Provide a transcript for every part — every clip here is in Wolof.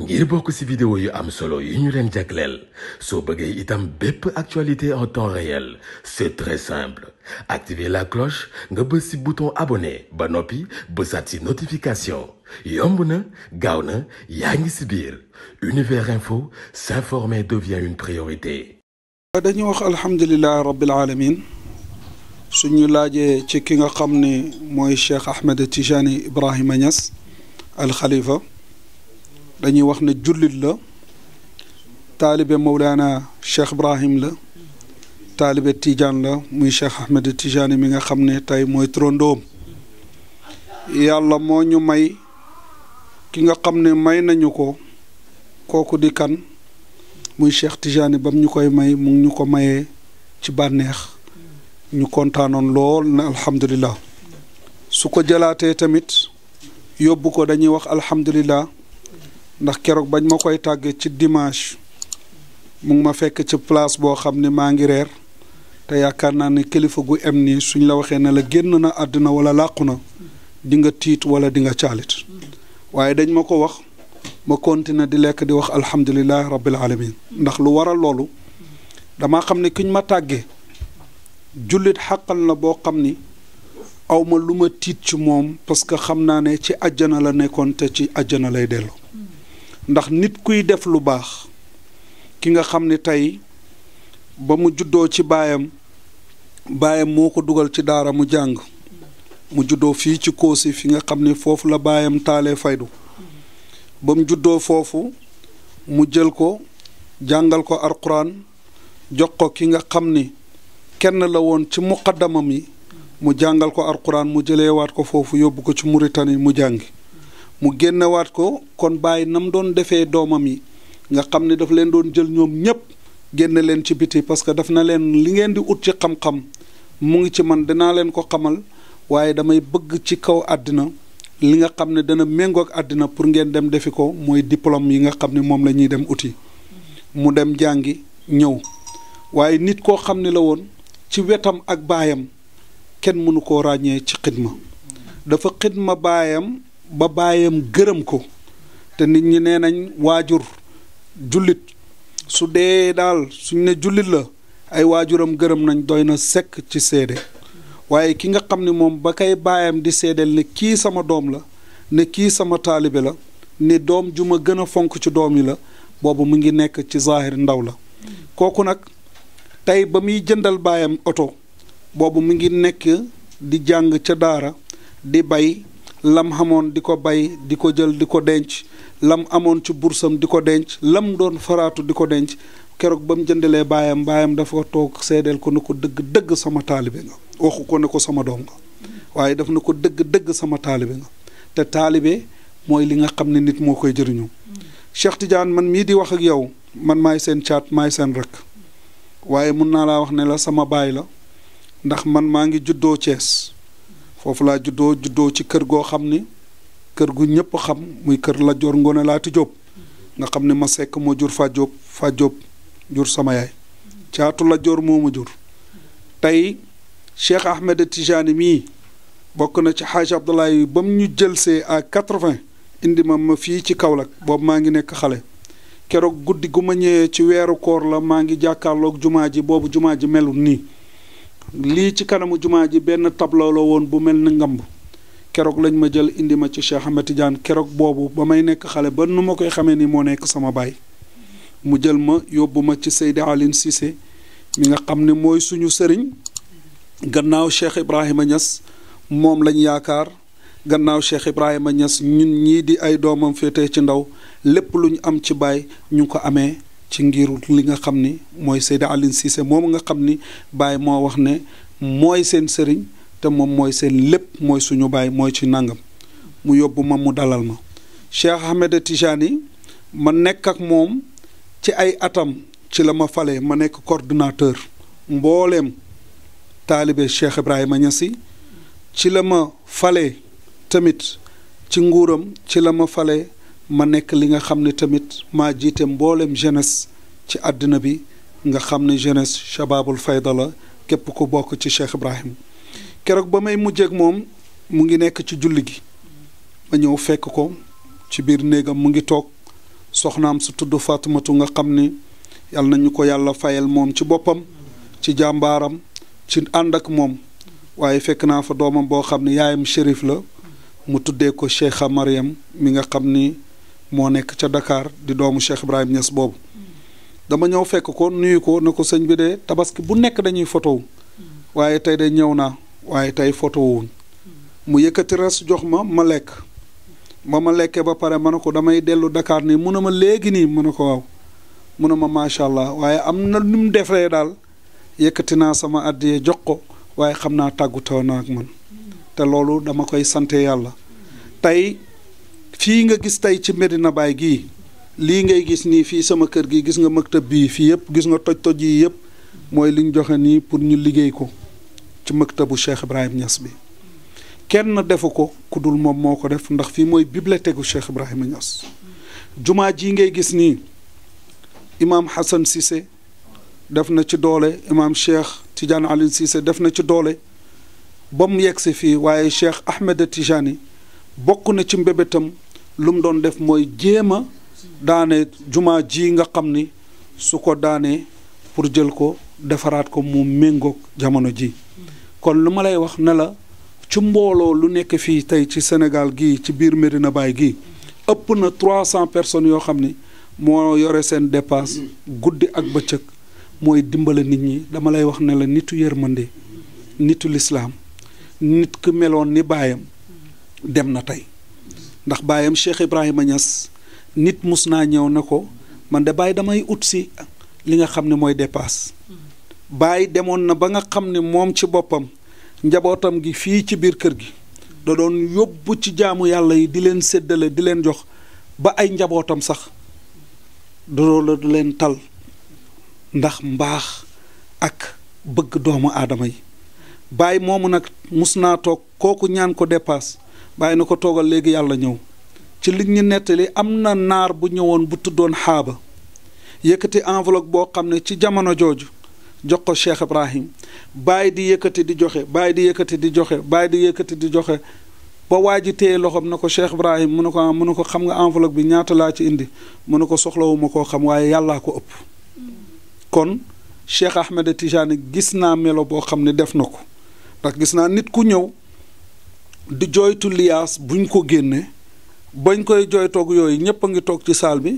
ngir bokk ci vidéo yu am solo yi ñu leen jagleel soo bëggee itam bépp actualité en temps réel c'est très simple activer la cloche nga bës ci bouton abonné ba noppi bësaat ci notification yomb na gaaw na yaa ngi ci biir univers info s'informer devient une priorité dañu wax alhamdulilah rabbil alamin suñu laajee ci ki nga xam ne mooy Cheikh Ahmed Tijani Ibrahima Niass al Khalifa dañuy wax ne jullit la taalibe Mawlana Cheikh Ibrahim la taalibe Tijaan la muy Cheikh Ahmed Tijaani mi nga xam ne tey mooy trondoom yàlla moo ñu may ki nga xam ne may nañu ko kooku di kan muy Cheikh Tijaani bam ñu koy may mu ñu ko mayee ci bànneex ñu kontaanoon lool na alhamdulillah su ko jëlaatee tamit yóbbu ko dañuy wax alhamdulillah ndax keroog bañ ma koy tàggee ci dimanche mu ngi ma fekk ci place boo xam ne maa ngi reer te yaakaar naa ne kilifa gu em nii suñ la waxee ne la génn na àdduna wala làqu na di nga tiit wala dinga nga caalit waaye dañ ma ko wax ma continuer di lekk di wax alhamdulilah rabbil alamin ndax lu waral loolu dama xam ne kiñ ma tàggee jullit xaqal na boo xam ni awma lu ma tiit ci moom parce que xam naa ne ci àjjana la nekkoon te ci àjjana lay delloo ndax nit kuy def lu baax ki nga xam ni tey ba mu juddoo ci baayam baayam moo ko dugal ci daara mu jàng mu juddoo fii ci Kossy fi nga xam ni foofu la baayam taale faydu ba mu juddoo foofu mu jël ko jàngal ko Alxuraan jox ko ki nga xam ni kenn la woon ci muqaddama yi mu jàngal ko Alxuraan mu jëleewaat ko foofu yóbbu ko ci Mauritanie mu jàngi mu génnewaat ko kon bàyyi nam doon defee doomam yi nga xam ne daf leen doon jël ñoom ñépp génne leen ci biti parce que daf na leen li ngeen di ut ci xam-xam mu ngi ci man dinaa leen ko xamal waaye damay bëgg ci kaw àddina li nga xam ne dana méngook àddina pour ngeen dem defi ko mooy diplôme yi nga xam ne moom la ñuy dem uti mu dem jàngi ñëw waaye nit koo xam ne la woon ci wetam ak baayam kenn mënu koo ràññee ci ma dafa ma baayam ba baayam gërëm ko te nit ñi nee nañ waajur jullit su dee daal suñ ne jullit la ay waajuram gërëm nañ doy na sekk ci seede waaye ki nga xam ne moom ba kay baayam di seedeel ne kii sama doom la ne kii sama taalibe la ne doom ju ma gën a fonk ci doom yi la boobu mu ngi nekk ci zahir ndaw la kooku nag tey ba muy jëndal baayam oto boobu mu ngi nekk di jàng ca daara di bay lam xamoon di ko bay di ko jël di ko denc lam amoon ci bursam di ko denc lam doon faraatu di ko denc keroog ba mu jëndalee baayam baayam dafa toog seedeel ko ne ko dëgg dëgg sama taalibe nga waxu ko ne ko sama doom waaye daf na ko dëgg dëgg sama taalibe nga te taalibe mooy li nga xam ne nit moo koy jëriñu Cheikh Tidiane man mii di wax ak yow man maay seen caat maay seen rek waaye mun naa laa wax ne la sama baay la ndax man maa ngi juddoo Cees foofu laa juddoo juddoo ci kër goo xam ni kër gu ñëpp xam muy kër Lat Joor Ngoone Laati Jóob nga xam ne ma sekk moo jur Faa Jóob jur sama yaay caatu Lat Joor moo ma jur tey Cheikh Ahmed Tijaani mii bokk na ci xaaj Abdoulaye ba mu ñu jëlsee à quatre-vingt indi ma ma fii ci Kaolack boobu maa ngi nekk xale keroog guddi gu ma ñëwee ci weeru koor la maa ngi jàkkaarloog jumaa ji boobu jumaa ji melul nii lii ci kanamu jumaa ji benn tableau la woon bu mel na ngamb keroog lañ ma jël indi ma ci Cheikh Ahmed keroog boobu ba may nekk xale ba nu ma koy xamee ni moo nekk sama baay mu jël ma yóbbu ma ci Seydi Aline Cissé mi nga xam ni mooy suñu sëriñ gannaaw Cheikh Ibrahima ñas moom lañ yaakaar gannaaw Cheikh Ibrahima ñas ñun ñii di ay doomam féete ci ndaw lépp lu ñu am ci baay ñu ko amee ci ngiru li nga xam ni mooy Seydi Alioune Cissé moom nga xam ni baay moo wax ne mooy seen sëriñ te moom mooy seen lépp mooy suñu baay mooy ci nangam mu yóbbu ma mu dalal ma. Cheikh Ahmed Tijani ma nekk ak moom ci ay atam ci la ma fale ma nekk coordonnateur mbooleem taalibe Cheikh Ibrahima Niassi ci la ma fale tamit ci nguuram ci la ma fale. ma nekk li nga xam ne tamit maa jiite mboolem jeunesse ci àddina bi nga xam ne jeunesse shababul fayda la képp ku bokk ci Cheikh Ibrahim keroog ba may mujjeeg moom mu ngi nekk ci julli gi ma ñëw fekk ko ci biir néegam mu ngi toog soxnaam su tudd Fatumatu nga xam ni yàlla nañu ko yàlla fayal moom ci boppam ci jàmbaaram ci ànd ak moom waaye fekk naa fa doomam boo xam ne yaayam shérif la mu tuddee ko Cheikha Mariam mi nga xam ni moo nekk ca dakaar di doomu Cheikh Ibrahim Niass boobu dama ñëw fekk ko nuyu ko ne ko sëñ bi de tabaski bu nekk dañuy fotowu waaye tey de ñëw naa waaye tey fotowuñ mu yëkkati res jox ma ma lekk ba ma lekkee ba pare ma ne ko damay dellu dakaar nii mun na ma léegi nii mu ne ko waaw mu ne ma macha allah waaye am na nu mu defee daal yëkkati naa sama àddiyee jox ko waaye xam naa tàggutoo naa ak man te loolu dama koy sante yàlla tey fii nga gis tey ci Medina Baye gii lii ngay gis nii fii sama kër gi gis nga maktab bii fii yëpp gis nga toj-toj yi yëpp mooy li joxe nii pour ñu liggéey ko ci maktabu Cheikh Ibrahim ñas bi kenn defu ko ku dul moom moo ko def ndax fii mooy bibliothèque gu Cheikh Ibrahima Niass jumaa ji ngay gis nii imaam Hassan Cissé def na ci doole imaam Cheikh Tidiane Alioune Cissé def na ci doole ba mu yegg si fii waaye Cheikh Ahmed Tijani bokk na ci mbébétam lu doon def mooy jéema a daane jumaa ji nga xam ni su ko daanee pour jël ko defaraat ko mu méngoog jamono ji kon lu ma lay wax nela ci mbooloo lu nekk fii tey ci senegal gi ci biir Medina baay gi ëpp na trois cent personnes yoo xam ni moo yore seen dépense guddi ak bëccëg mooy dimbale nit ñi dama lay wax nela la nitu yërmande nitu lislaam nit ki meloon ni baayam dem na tey ndax baayam Cheikh Ibrahima Niass nit mus naa ñëw na ko man de baay damay ut si li nga xam ne mooy dépasse baay demoon na ba nga xam ne moom ci boppam njabootam gi fii ci biir kër gi da doon yóbbu ci jaamu yàlla yi di leen séddale di leen jox ba ay njabootam sax dadoo la du leen tal ndax mbaax ak bëgg doomu aadama yi baay moomu nag mus naa toog kooku ñaan ko dépasse bàyyi na ko toogal léegi yàlla ñëw ci li ñu nettali am na naar bu ñëwoon bu tuddoon xaaba yëkkati enveloppe boo xam ne ci jamono jooju jox ko Cheikh Ibrahim bàyyi di yëkkati di joxe bàyyi di yëkkati di joxe bàyyi di yëkkati di joxe ba waa ji téye loxoom na ko Cheikh Ibrahim mu ne ko ah ne ko xam nga enveloppe bi ñaata laa ci indi mu ne ko soxlawuma koo xam waaye yàllaa ko ëpp kon Cheikh Ahmed Tijani gis naa melo boo xam ne def na ko ndax gis naa nit ku ñëw. di jooytu liaas buñ ko génne bañ koy jooytoog yooyu ñëpp a ngi toog ci saal bi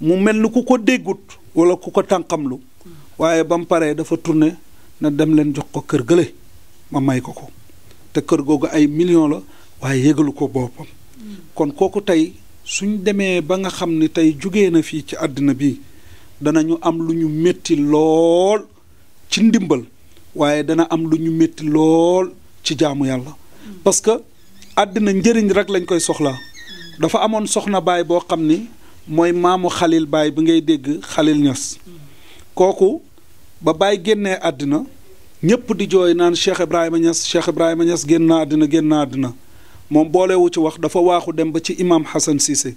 mu mel ni ku ko déggut wala ku ko tànqamlu waaye ba mu paree dafa tourné na dem leen jox ko kër gële ma may ko ko te kër googu ay millions la waaye yëgalu ko boppam kon kooku tey suñ demee ba nga xam ni tey jóge na fii ci àddina bi danañu am lu ñu métti lool ci ndimbal waaye dana am lu ñu métti lool ci jaamu yàlla parce que àddina njëriñ rek lañ koy soxla dafa amoon soxna baay boo xam ni mooy maamu xalil baay bi ngay dégg xalil ñas kooku ba baay génnee àddina ñëpp di jooy naan Cheikh Ibrahima Niass Cheikh Ibrahima Niass génn na àddina génn na àddina moom boolewu ci wax dafa waaxu dem ba ci imaam Hassan Cissé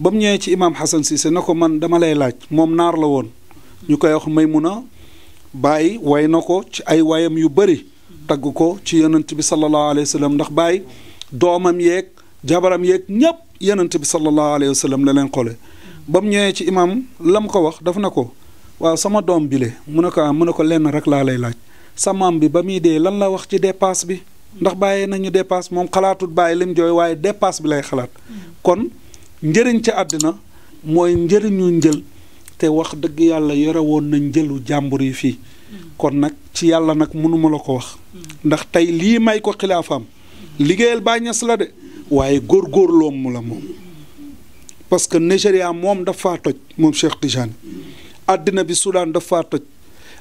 ba mu ñëwee ci imaam Hassan Cissé na ko man dama lay laaj moom naar la woon ñu koy wax may a bàyyi way na ko ci ay wayam yu bëri tagg ko ci yonent bi sallallahu alayhi wa sallam ndax bàyyi doomam yeeg jabaram yéeg ñëpp yonent bi sallallahu alayhi wa sallam la leen xoolee ba mu ñëwee ci imam lam ko wax daf na ko waaw sama doom bile mu ne ko ah mu ne ko lenn rek laa lay laaj sa maam bi ba muy dee lan la wax ci dépasse bi ndax bàyyee nañu dépasse moom xalaatul bàyyi lim jooy waaye dépasse bi lay xalaat kon njëriñ ci àddina mooy njëriñu njël te wax dëgg yàlla yore woon na njëlu jàmbur yi fii kon nag ci yàlla nag mënuma la ko wax ndax tey lii may ko xilaafam liggéeyal Baay Ñas la de waaye góor góorgóorloom mu la moom parce que Nigéria moom dafa toj moom Cheikh Tijani àddina bi Soudan dafa toj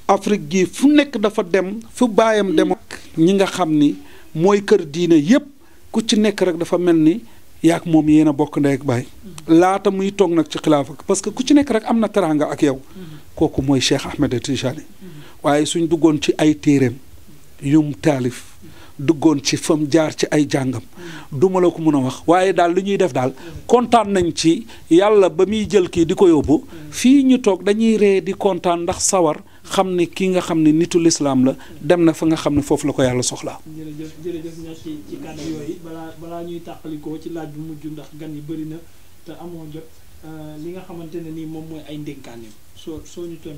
Afrique gi fu nekk dafa dem fu baayam dem ñi nga xam ni mooy kër diina yépp ku ci nekk rek dafa mel ni yaak moom yéen a bokk ndey ak baay laata muy toog nag ci xilaafa parce que ku ci nekk rek am na teraanga ak yow mm-hmm. kooku mooy Cheikh Ahmed Tijani waaye suñ duggoon ci ay téeréem yum taalif duggoon ci fam jaar ci ay jàngam duma la ko mën a wax waaye daal li ñuy def daal kontaan nañ ci yàlla ba muy jël kii di ko yóbbu fii ñu toog dañuy ree di kontaan ndax sawar xam ne kii nga xam ne nitu lislaam la dem na fa nga xam ne foofu la ko yàlla soxla jërëjëf jërëjëf merci ci kàddu balaa balaa ñuy tàqalikoo ci laaj bu mujj ndax gan yi bëri na te amoo jot euh, li nga xamante ne nii moom mooy ay ndénkaaneem soo soo ñu doon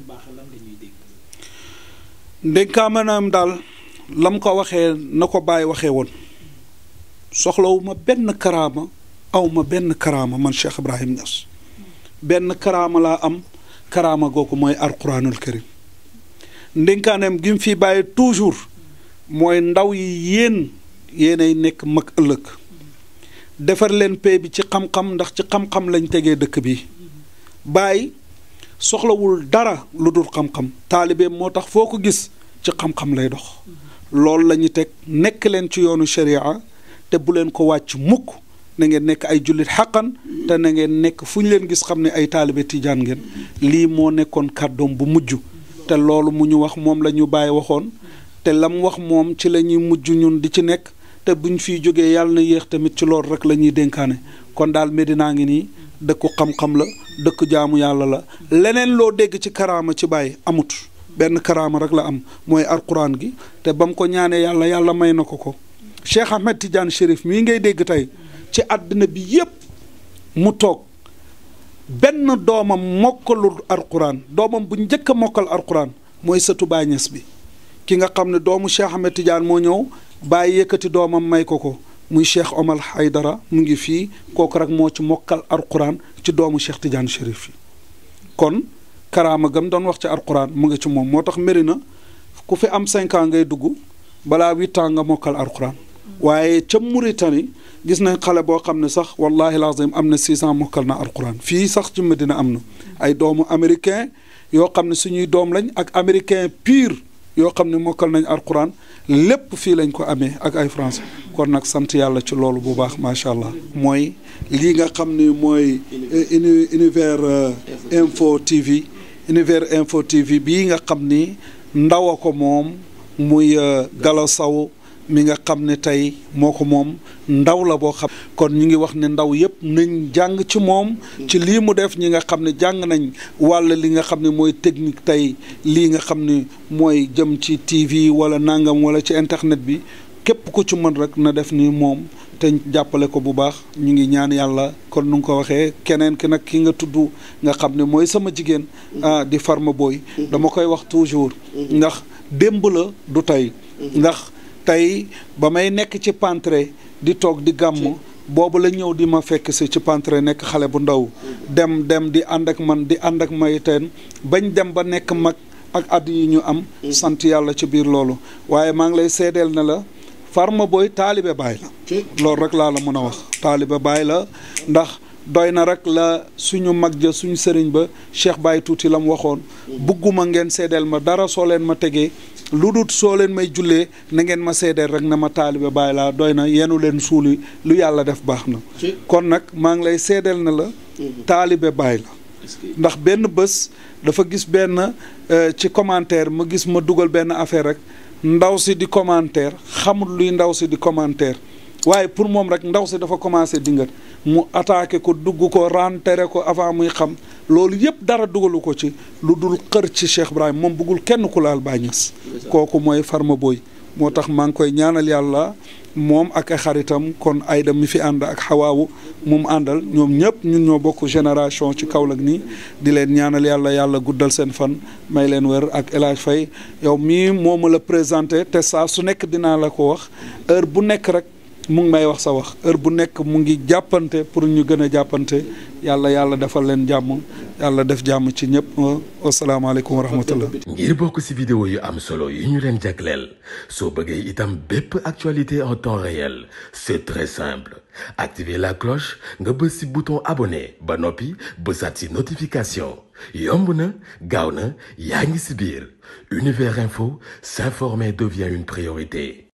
ndénkaamanaam daal lam ko waxee na ko bàyyi waxe woon soxlawu ma benn karaama awma benn karaama man Cheikh Ibrahim Niass benn karaama laa am karaama googu mooy alquranul karim ndénkaaneem gi mu fi bàyyi toujours mooy ndaw yi yéen yéenay nekk mag ëllëg defar leen pay bi ci xam-xam ndax ci xam-xam lañ tegee dëkk bi bàyyi soxlawul dara lu dul xam-xam taalibeem moo tax foo ko gis ci xam-xam lay dox loolu lañu teg nekk leen ci yoonu sharia te bu leen ko wàcc mukk na ngeen nekk ay jullit xàqan te na ngeen nekk fu ñu leen gis xam ne ay taalibe tijaan ngeen lii moo nekkoon kàddoom bu mujj te loolu mu ñu wax moom la ñu bàyyi waxoon te lam wax moom ci la ñuy mujj ñun di ci nekk te buñ fi jógee yàlla na yéex tamit ci loolu rek la ñuy dénkaane kon daal Medina ngi nii dëkku xam-xam la dëkku jaamu yàlla la leneen loo dégg ci karaama ci bàyyi amut benn karaama rek la am mooy alquran gi te ba ko ñaanee yàlla yàlla may na ko ko Cheikh Ahmed Tidiane Chérif mii ngay dégg tey ci àddina bi yépp mu toog benn doomam mokkalul alquran doomam bu njëkk a mokkal alquran mooy sëtu Baay bi ki nga xam ne doomu Cheikh Ahmed moo ñëw bàyyi yëkkati doomam may ko ko muy cheikh Omar dara mu ngi fii kook rek moo ci mokkal alquran ci doomu cheikh Tidiane Chérif yi kon karaama gam doon wax ci alquran mu ngi ci moom moo tax mari na ku fi am cinq ngay dugg balaa huit ans nga mokkal alquran waaye ca Mauritanie gis nañ xale boo xam ne sax wallahi lazim am na six ans mokkal na alquran fii sax ci Medina am na ay doomu américain yoo xam ne suñuy doom lañ ak américain pur yoo xam ne mokkal nañ alquran lépp fii lañ ko amee ak ay français kon nag sant yàlla ci loolu bu baax macha allah mooy lii nga xam ne mooy eh, eh, univers info tv univers info tv bii nga xam ni ndaw a ko moom muy eh, gala Sow mi nga xam ne tey moo ko moom ndaw la boo xam kon ñu ngi wax ne ndaw yëpp nañ jàng ci moom ci lii mu def ñi nga xam ne jàng nañ walla li nga xam ne mooy technique tey lii nga xam ni mooy jëm ci TV walla nangam walla ci internet bi képp ku ci mën rek na def ni moom te jàppale ko bu baax ñu ngi ñaan yàlla kon nu nga ko waxee keneen ki nag ki nga tudd nga xam ne mooy sama jigéen mm-hmm. ah di Farma Boy mm-hmm. dama koy wax toujours mm-hmm. ndax démb la du tey ndax tey ba may nekk ci pantre di toog di gàmm boobu la ñëw di ma fekk si ci pantre nekk xale bu ndaw dem dem di ànd ak man di ànd ak mayteen bañ dem ba nekk mag ak àdd yi ñu am mm. sant yàlla ci biir loolu waaye maa ngi lay seddeel na la Farma booy taalibe baay la loolu rek laa la mën a wax taalibe bàyyi la ndax doy na rek la suñu mag ja suñu sëriñ ba Cheikh bàyyi tuuti la mu waxoon mm. bugguma ngeen seedeel ma dara soo leen ma tegee lu dut soo leen may jullee na ngeen ma seedeel rek na ma taalibe bàyyi laa doy na yenu leen suuli lu yàlla def baax na kon nag maa ngi lay seedeel na la mhm. taalibe bàyyi la ndax benn bés dafa gis benn euh, ci commentaire ma gis ma dugal benn affaire rek ndaw si di commentaire xamul luy ndaw si di commentaire waaye pour moom rek ndaw si dafa commencé dingat mu attaqué ko dugg ko rentere ko avant muy xam loolu yëpp dara dugalu ko ci lu dul xër ci Cheikh Ibrahim moom bëggul kenn ku laal Baay Ñas kooku mooy Farma Boy moo tax maa ngi koy ñaanal yàlla moom ak xaritam kon Aïda mi fi ànd ak xawaawu mum àndal ñoom ñëpp ñun ñoo bokk génération ci Kaolack nii di leen ñaanal yàlla yàlla guddal seen fan may leen wér ak El Hadj yow mii moo ma la présenté te saa su nekk dinaa la ko wax heure bu nekk rek. mu ngi may wax sa wax heure bu nekk mu ngi jàppante pour ñu gën a jàppante yàlla yàlla defal leen jàmm yàlla def jàmm ci ñëpp asalaamaaleykum wa rahmatullah ngir bokk si vidéo yu am solo yi ñu leen jagleel soo bëggee itam bépp actualité en temps réel c'est très simple activer la cloche nga bës si bouton abonné ba noppi bësaat si notification yomb na gaaw na yaa ngi si biir univers info s'informer devient une priorité